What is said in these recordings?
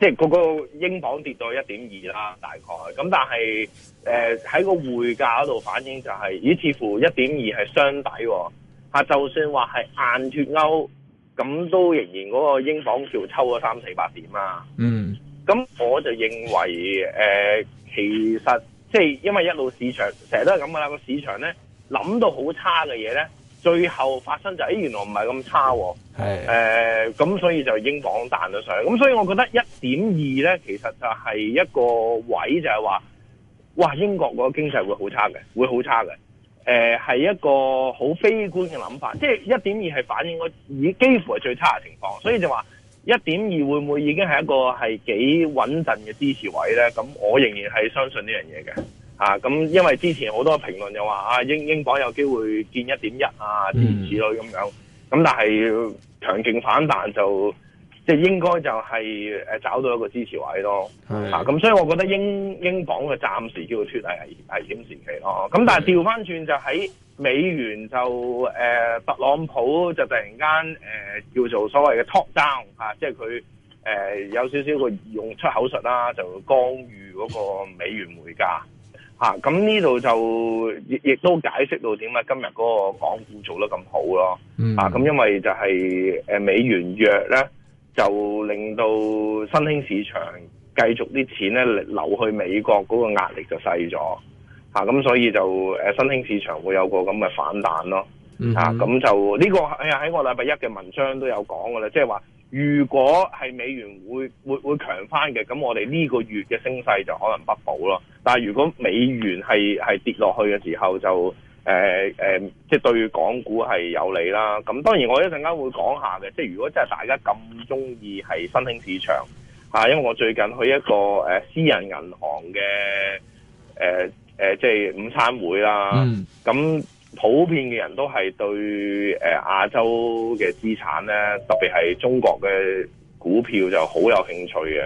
即係嗰個英鎊跌到一點二啦，大概咁，但係誒喺個匯價嗰度反映就係，咦？似乎一點二係雙底喎，就算話係硬脱歐，咁都仍然嗰個英鎊叫抽咗三四百點啊。嗯，咁我就認為誒、呃，其實即係因為一路市場成日都係咁噶啦，個市場咧諗到好差嘅嘢咧。最後發生就誒，原來唔係咁差喎。係誒，咁所以就英鎊彈咗上。咁所以我覺得一點二咧，其實就係一個位，就係話，哇，英國個經濟會好差嘅，會好差嘅。誒、呃，係一個好悲觀嘅諗法。即係一點二係反映個已幾乎係最差嘅情況。所以就話一點二會唔會已經係一個係幾穩陣嘅支持位咧？咁我仍然係相信呢樣嘢嘅。啊，咁因為之前好多評論又話啊，英英鎊有機會見一點一啊，諸如此類咁樣。咁、嗯、但係強勁反彈就即係應該就係誒找到一個支持位咯。是啊，咁所以我覺得英英鎊嘅暫時叫出嚟係危險時期咯。咁但係調翻轉就喺美元就誒、呃、特朗普就突然間誒、呃、叫做所謂嘅 top down 啊，即係佢誒有少少個用出口術啦、啊，就干預嗰個美元匯價。嗯。咁呢度就亦亦都解釋到點解今日嗰個港股做得咁好咯，啊，咁因為就係美元弱咧，就令到新興市場繼續啲錢咧流去美國嗰、嗰個壓力就細咗，咁、啊、所以就新興市場會有個咁嘅反彈咯，咁、啊、就呢、呢個喺喺我禮拜一嘅文章都有講嘅啦，即係話。如果係美元會會會強返嘅，咁我哋呢個月嘅升勢就可能不保咯。但係如果美元係係跌落去嘅時候就、呃呃，就誒即係對港股係有利啦。咁當然我一陣間會講下嘅，即係如果真係大家咁中意係新興市場、啊、因為我最近去一個、呃、私人銀行嘅誒即係午餐會啦，咁、嗯。普遍嘅人都係對誒、呃、亞洲嘅資產咧，特別係中國嘅股票就好有興趣嘅。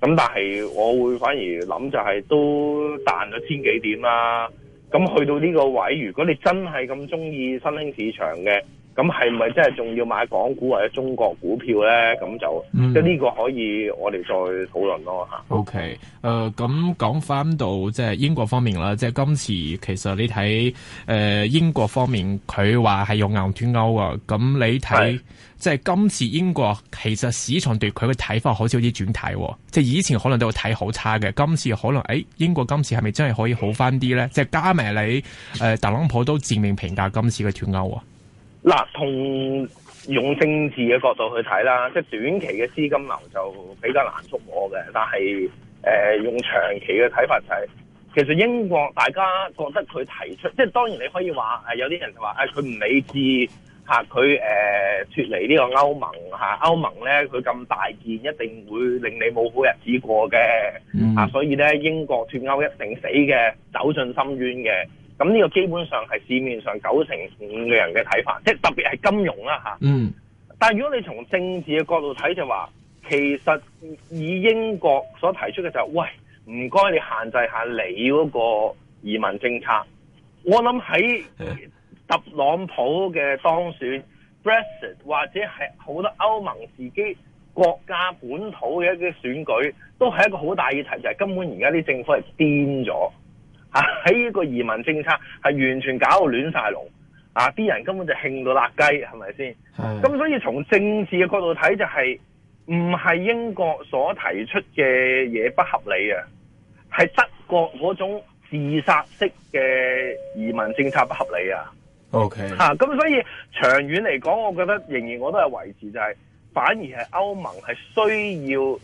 咁但係我會反而諗就係都彈咗千幾點啦。咁去到呢個位，如果你真係咁中意新興市場嘅。咁係咪真係仲要買港股或者中國股票咧？咁就即係呢個可以我哋再討論咯嚇。O K.，誒咁講翻到即係英國方面啦。即係今次其實你睇誒英國方面，佢話係用硬脫歐啊。咁你睇即係今次英國其實市場對佢嘅睇法好似有啲轉態，即係以前可能都睇好差嘅。今次可能誒英國今次係咪真係可以好翻啲咧？即係加埋你誒特朗普都正面評價今次嘅脫歐喎。嗱，從用政治嘅角度去睇啦，即係短期嘅資金流就比較難捉摸嘅。但係誒、呃、用長期嘅睇法就係、是，其實英國大家覺得佢提出，即係當然你可以話誒有啲人就話誒佢唔理智嚇，佢誒脫離呢個歐盟嚇、啊，歐盟咧佢咁大件，一定會令你冇好日子過嘅嚇、嗯啊。所以咧，英國脫歐一定死嘅，走進深淵嘅。咁呢個基本上係市面上九成五嘅人嘅睇法，即係特別係金融啦吓。嗯。但係如果你從政治嘅角度睇，就話其實以英國所提出嘅就係、是，喂，唔該你限制下你嗰個移民政策。我諗喺特朗普嘅當選、Brexit、嗯、或者係好多歐盟自己國家本土嘅一啲選舉，都係一個好大議題，就係、是、根本而家啲政府係癲咗。喺呢，啊，這個移民政策係完全搞到亂晒龍，啊啲人根本就嬲到辣雞，係咪先？咁的所以從政治嘅角度睇，就是，就係唔係英國所提出嘅嘢不合理啊？係德國嗰種自殺式嘅移民政策不合理 okay。啊？OK，嚇咁所以長遠嚟講，我覺得仍然我都係維持就係，是，反而係歐盟係需要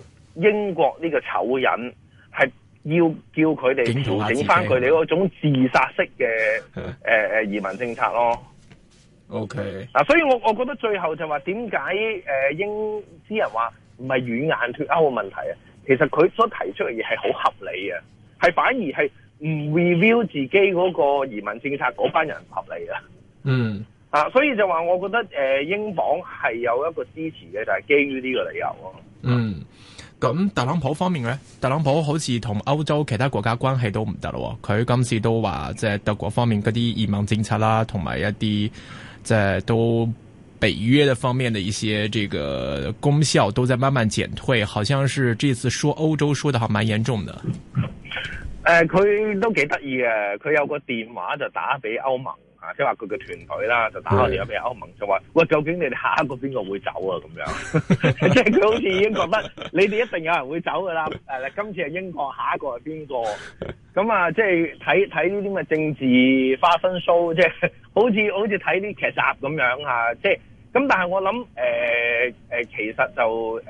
英國呢個醜人係。是要叫佢哋調整翻佢哋嗰種自殺式嘅誒誒移民政策咯。O K，嗱，所以我我覺得最後就話點解誒英啲人話唔係軟硬脱歐嘅問題啊？其實佢所提出嘅嘢係好合理嘅。係反而係唔 review 自己嗰個移民政策嗰班人唔合理啊。嗯，啊，所以就話我覺得誒、呃、英鎊係有一個支持嘅，就係、是、基於呢個理由咯。嗯。咁特朗普方面咧，特朗普好似同歐洲其他國家關係都唔得咯。佢今次都話，即係德國方面嗰啲移民政策啦、啊，同埋一啲即係都北約嘅方面的一些這個功效都在慢慢減退，好像是這次說歐洲說得還蠻嚴重的。誒、呃，佢都幾得意嘅，佢有個電話就打俾歐盟。啊，即係話佢嘅團隊啦，就打個電話俾歐盟，就話喂，究竟你哋下一個邊個會走啊？咁樣， 即係佢好似已經覺得你哋一定有人會走噶啦。誒、啊，今次係英國，下一個係邊個？咁 啊，即係睇睇呢啲咁嘅政治花生 show，即係好似好似睇啲劇集咁樣吓、啊。即係咁，但係我諗誒誒，其實就誒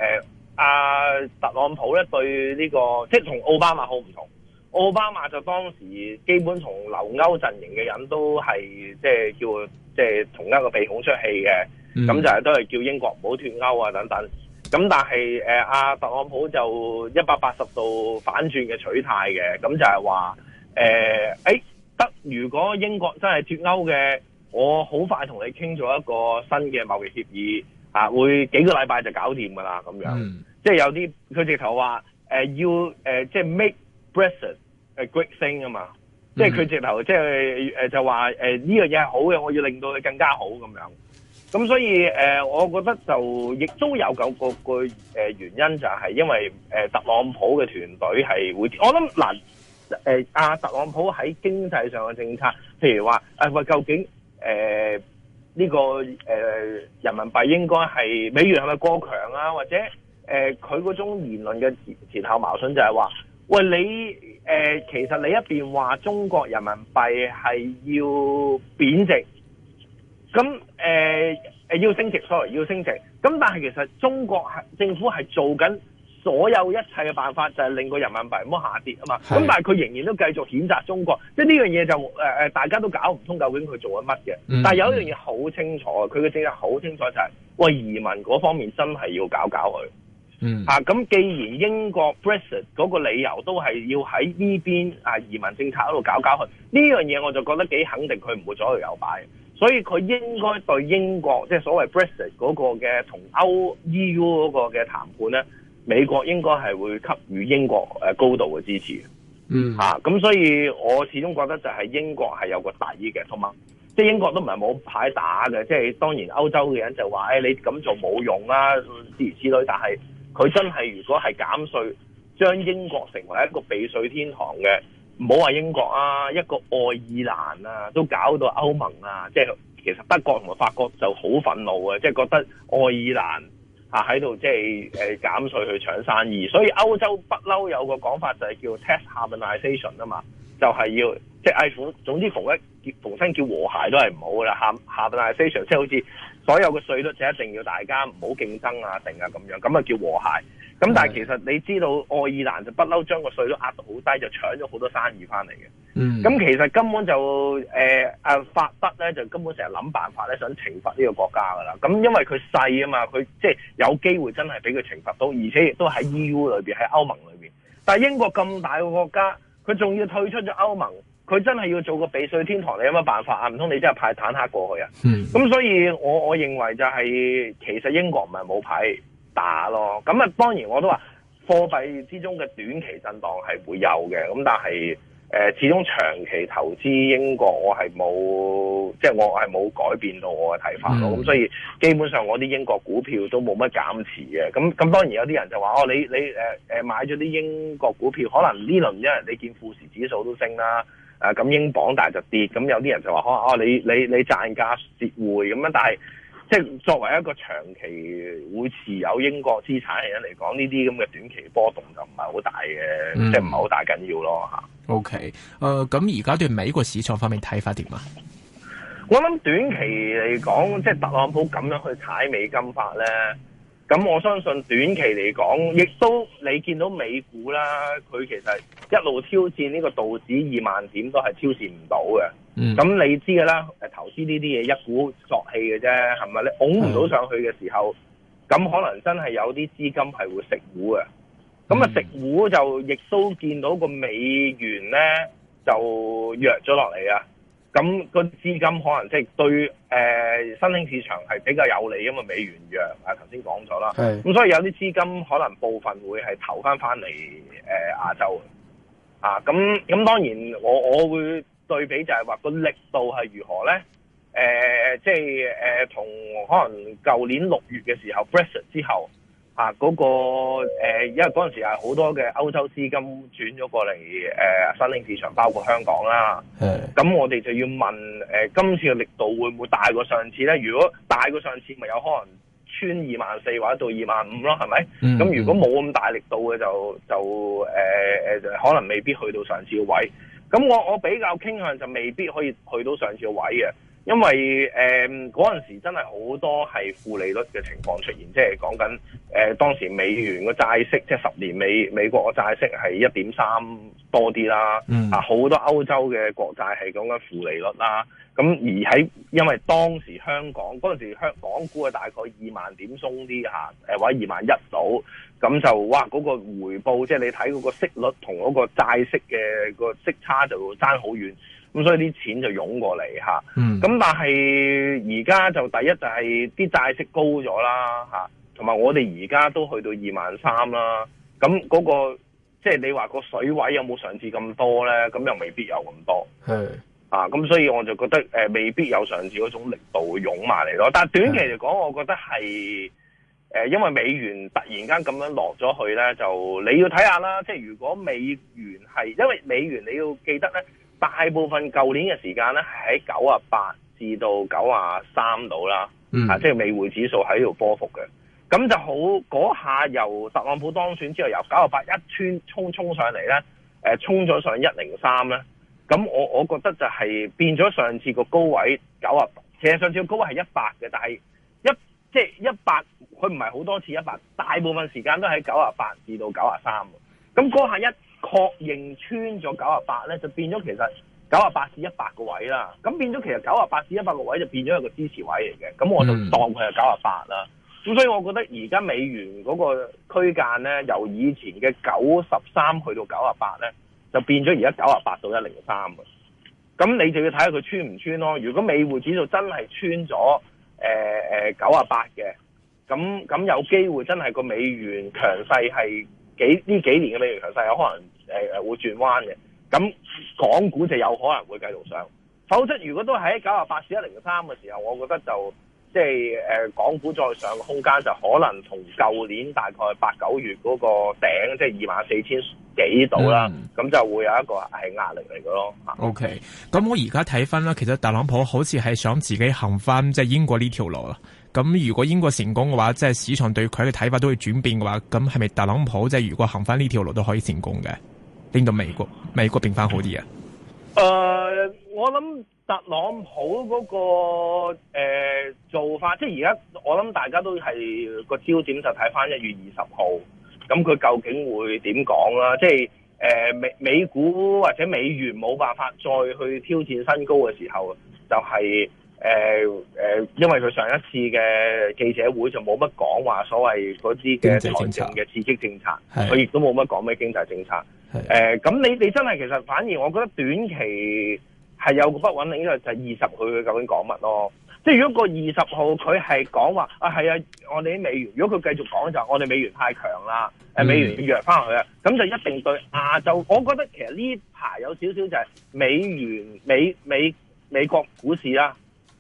阿、呃啊、特朗普咧對呢、這個，即係同奧巴馬好唔同。奧巴馬就當時基本同留歐陣營嘅人都係即係叫即係、就是、同一個鼻孔出氣嘅，咁、嗯、就係都係叫英國唔好脱歐啊等等。咁但係誒阿特朗普就一百八十度反轉嘅取態嘅，咁就係話誒誒得，如果英國真係脱歐嘅，我好快同你傾咗一個新嘅貿易協議啊，會幾個禮拜就搞掂㗎啦咁樣，嗯、即係有啲佢直頭話誒要誒、呃、即係 make。Brexit 係、啊、great thing 啊嘛，嗯、即係佢直頭即係誒就話誒呢樣嘢係好嘅，我要令到佢更加好咁樣。咁所以誒、呃，我覺得就亦都有個個誒、呃、原因就係因為誒、呃、特朗普嘅團隊係會，我諗嗱誒阿特朗普喺經濟上嘅政策，譬如話誒話究竟誒呢、呃這個誒、呃、人民幣應該係美元係咪過強啊，或者誒佢嗰種言論嘅前，前後矛盾就係話。喂，你誒、呃，其實你一邊話中國人民幣係要貶值，咁誒、呃、要升值，sorry，要升值，咁但係其實中國政府係做緊所有一切嘅辦法，就係令個人民幣唔好下跌啊嘛。咁是但係佢仍然都繼續譴責中國，即係呢樣嘢就誒、是呃、大家都搞唔通究竟佢做緊乜嘅。嗯、但係有一樣嘢好清楚，佢嘅、嗯、政策好清楚就係、是，喂移民嗰方面真係要搞搞佢。嗯，嚇咁、啊、既然英國 Brexit 嗰個理由都係要喺呢邊啊移民政策嗰度搞搞佢，呢樣嘢我就覺得幾肯定佢唔會左搖右擺，所以佢應該對英國即係所謂 Brexit 嗰個嘅同歐 EU 嗰個嘅談判咧，美國應該係會給予英國高度嘅支持。嗯，嚇咁、啊、所以，我始終覺得就係英國係有個底嘅，同埋即係英國都唔係冇牌打嘅，即係當然歐洲嘅人就話、哎、你咁做冇用啦、啊，諸如此類，但係。佢真係如果係減稅，將英國成為一個避稅天堂嘅，唔好話英國啊，一個愛爾蘭啊，都搞到歐盟啊，即係其實德國同埋法國就好憤怒啊，即係覺得愛爾蘭啊喺度即係誒減稅去搶生意，所以歐洲不嬲有個講法就係叫 test harmonization 啊嘛，就係要即係嗌苦，總之逢一逢身叫和諧都係唔好噶啦 harmonization 即係好似。所有嘅稅率就一定要大家唔好競爭啊，定啊咁樣，咁啊叫和諧。咁的、嗯、但係其實你知道愛爾蘭就不嬲將個稅率壓到好低，就搶咗好多生意翻嚟嘅。嗯，咁其實根本就誒、呃、啊法德咧就根本成日諗辦法咧想懲罰呢個國家㗎啦。咁因為佢細啊嘛，佢即係有機會真係俾佢懲罰到，而且亦都喺 EU 裏邊喺歐盟裏邊。但係英國咁大個國家，佢仲要退出咗歐盟。佢真係要做個避稅天堂，你有乜辦法啊？唔通你真係派坦克過去啊？咁 所以我，我我認為就係、是、其實英國唔係冇牌打咯。咁啊，當然我都話貨幣之中嘅短期震盪係會有嘅。咁但係誒、呃，始終長期投資英國我，就是、我係冇即係我係冇改變到我嘅睇法咯。咁所以基本上我啲英國股票都冇乜減持嘅。咁咁當然有啲人就話：哦，你你誒誒、呃呃、買咗啲英國股票，可能呢輪因為你見富時指數都升啦。啊咁英鎊大就跌，咁有啲人就話，可、哦，你你你賺價折匯咁樣，但係即係作為一個長期會持有英國資產嘅人嚟講，呢啲咁嘅短期波動就唔係好大嘅，嗯、即係唔係好大緊要咯吓。O K.，誒，咁而家對美國市場方面睇法點啊？我諗短期嚟講，即係特朗普咁樣去踩美金法咧。咁我相信短期嚟講，亦都你見到美股啦，佢其實一路挑戰呢個道指二萬點都係挑戰唔到嘅。咁、嗯、你知噶啦，投資呢啲嘢一鼓作氣嘅啫，係咪？你拱唔到上去嘅時候，咁、嗯、可能真係有啲資金係會食糊嘅。咁啊食糊就亦、嗯、都見到個美元呢，就弱咗落嚟啊！咁個資金可能即係對誒、呃、新興市場係比較有利，因為美元弱啊，頭先講咗啦，咁的所以有啲資金可能部分會係投翻翻嚟誒亞洲啊，咁咁當然我我會對比就係話個力度係如何咧，誒即係誒同可能舊年六月嘅時候 Brexit 之後。啊！嗰、那個、呃、因為嗰陣時係好多嘅歐洲資金轉咗過嚟誒新興市場，包括香港啦。咁係。我哋就要問誒、呃，今次嘅力度會唔會大過上次呢？如果大過上次，咪有可能穿二萬四或者到二萬五咯，係咪？咁、嗯嗯、如果冇咁大力度嘅，就、呃、就誒誒，可能未必去到上次嘅位。咁我我比較傾向就未必可以去到上次嘅位嘅。因為誒嗰陣時真係好多係負利率嘅情況出現，即係講緊誒當時美元個債息，即係十年美美國個債息係一點三多啲啦。嗯、啊，好多歐洲嘅國債係講緊負利率啦。咁、嗯、而喺因為當時香港嗰陣時香港股嘅大概二萬點鬆啲嚇、呃，或者二萬一到，咁就哇嗰個回報即係你睇嗰個息率同嗰個債息嘅個息差就爭好遠。咁所以啲錢就湧過嚟嚇，咁、嗯、但係而家就第一就係啲債息高咗啦嚇，同埋我哋而家都去到二萬三啦，咁嗰、那個即係、就是、你話個水位有冇上次咁多咧？咁又未必有咁多是啊，咁所以我就覺得、呃、未必有上次嗰種力度會湧埋嚟咯。但係短期嚟講，我覺得係是、呃、因為美元突然間咁樣落咗去咧，就你要睇下啦。即、就、係、是、如果美元係因為美元你要記得咧。大部分舊年嘅時間咧，係喺九啊八至到九啊三度啦，啊，即係美匯指數喺度波幅嘅。咁就好嗰下由特朗普當選之後，由九啊八一穿衝衝上嚟咧，誒、呃，衝咗上一零三咧。咁我我覺得就係、是、變咗上次個高位九啊八，其實上次個高位係一百嘅，但係一即係一百，佢唔係好多次一百，大部分時間都喺九啊八至到九啊三。咁嗰下一確認穿咗九啊八咧，就變咗其實九啊八至一百個位啦。咁變咗其實九啊八至一百個位就變咗一個支持位嚟嘅。咁我就當佢係九啊八啦。咁、嗯、所以我覺得而家美元嗰個區間咧，由以前嘅九十三去到九啊八咧，就變咗而家九啊八到一零三嘅。咁你就要睇下佢穿唔穿咯。如果美匯指數真係穿咗誒誒九啊八嘅，咁、呃、咁有機會真係個美元強勢係幾呢幾年嘅美元強勢有可能。誒誒會轉彎嘅，咁，港股就有可能會繼續上。否則，如果都喺九啊八至一零三嘅時候，我覺得就即係港股再上空間就可能同舊年大概八九月嗰個頂，即係二萬四千幾度啦。咁、嗯、就會有一個係壓力嚟嘅咯。O K. 咁我而家睇翻啦。其實特朗普好似係想自己行翻即係英國呢條路啦。咁如果英國成功嘅話，即係市場對佢嘅睇法都會轉變嘅話，咁係咪特朗普即係如果行翻呢條路都可以成功嘅？令到美國美國變翻好啲啊！誒、呃，我諗特朗普嗰、那個、呃、做法，即係而家我諗大家都係、那個焦點就睇翻一月二十號，咁佢究竟會點講啦？即係誒美美股或者美元冇辦法再去挑戰新高嘅時候，就係誒誒，因為佢上一次嘅記者會就冇乜講話所謂嗰啲嘅財政嘅刺激政策，佢亦都冇乜講咩經濟政策。誒，咁是、呃、你你真係其實反而，我覺得短期係有個不穩定，呢個就係二十號佢究竟講乜咯？即係如果個二十號佢係講話啊，係啊，我哋啲美元，如果佢繼續講就我哋美元太強啦，誒、啊，美元弱翻去啦，咁、嗯、就一定對亞洲。我覺得其實呢排有少少就係美元美美美、美國股市啦、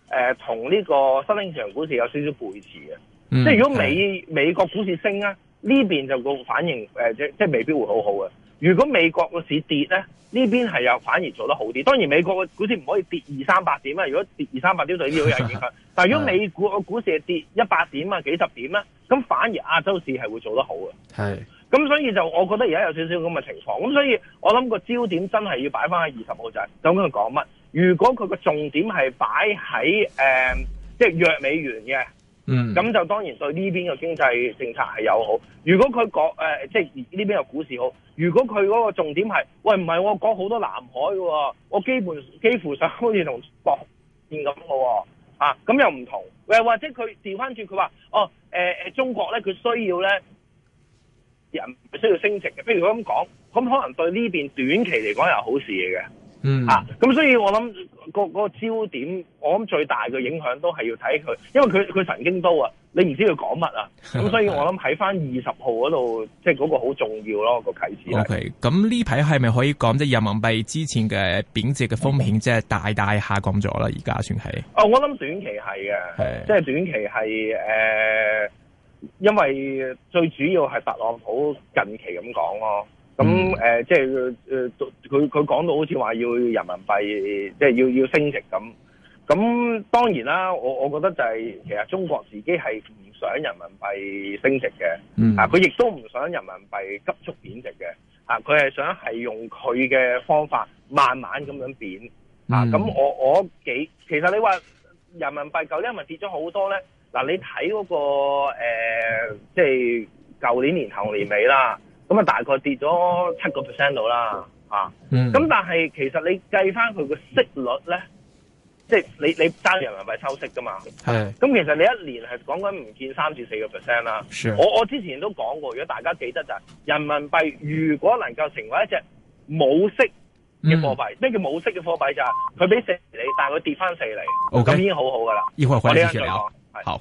啊，誒、呃，同呢個新興市場股市有少少背馳嘅。嗯、即係如果美的美國股市升啊，呢邊就個反應誒、呃，即即係未必會好好嘅。如果美國個市跌呢，呢邊係又反而做得好啲。當然美國個股市唔可以跌二三百點啊！如果跌二三百點對呢啲好有影響。 但係如果美股個股市係跌一百點啊、幾十點咧，咁反而亞洲市係會做得好嘅。係。咁所以就我覺得而家有少少咁嘅情況。咁所以我諗個焦點真係要擺返喺二十號就係、是、等佢講乜。如果佢個重點係擺喺誒，即係弱美元嘅。嗯，咁就當然對呢邊嘅經濟政策係友好。如果佢講誒，即係呢邊嘅股市好。如果佢嗰個重點係，喂唔係我講好多南海嘅、哦、喎，我基本幾乎想好似同博變咁好喎，啊咁又唔同。喂或者佢調翻轉佢話，哦、呃、中國咧，佢需要咧人需要升值嘅。譬如佢咁講，咁可能對呢邊短期嚟講係好事嚟嘅。嗯啊，咁所以我諗，個焦點，我諗最大嘅影響都係要睇佢，因為佢佢神經刀啊，你唔知佢講乜啊，咁所以我諗喺翻二十號嗰度，即係嗰個好重要咯、個啟示。O K，咁呢排係咪可以講即係人民幣之前嘅貶值嘅風險、嗯，即係大大下降咗啦？而家算係。哦，我諗短期係嘅，是 即係短期係誒、呃，因為最主要係特朗普近期咁講咯。咁誒，即係誒，佢佢講到好似話要人民幣，即係要要升值咁。咁當然啦，我我覺得就係其實中國自己係唔想人民幣升值嘅，嗯，啊，佢亦都唔想人民幣急速貶值嘅，啊，佢係想係用佢嘅方法慢慢咁樣貶。嗯，啊，咁我我幾其實你話人民幣舊年係咪跌咗好多咧？嗱，你睇嗰個誒，即係舊年年頭年尾啦。嗯咁啊，大概跌咗七個 percent 到啦，嚇。咁、啊嗯、但係其實你計翻佢個息率咧，即、就、係、是、你你揸人民幣收息噶嘛。係是。咁其實你一年係講緊唔見三至四個 percent 啦。是我我之前都講過，如果大家記得就係、是，人民幣如果能夠成為一隻冇息嘅貨幣，咩、嗯、叫冇息嘅貨幣就係佢俾四厘，但係佢跌翻四厘。咁 Okay 已經好好噶啦。呢一個。好。